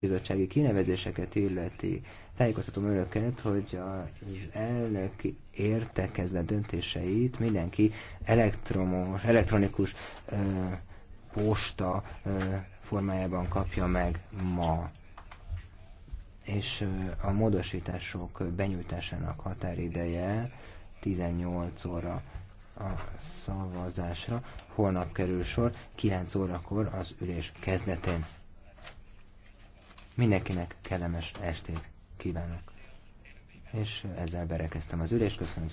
bizottsági kinevezéseket illeti, tájékoztatom önöket, hogy az elnök értekezne döntéseit mindenki elektromos, elektronikus ö, posta ö, formájában kapja meg ma. És ö, a módosítások benyújtásának határideje 18 óra a szavazásra. Holnap kerül sor 9 órakor az ülés kezdetén. Mindenkinek kellemes estét kívánok. És ezzel berekeztem az ülést. Köszönöm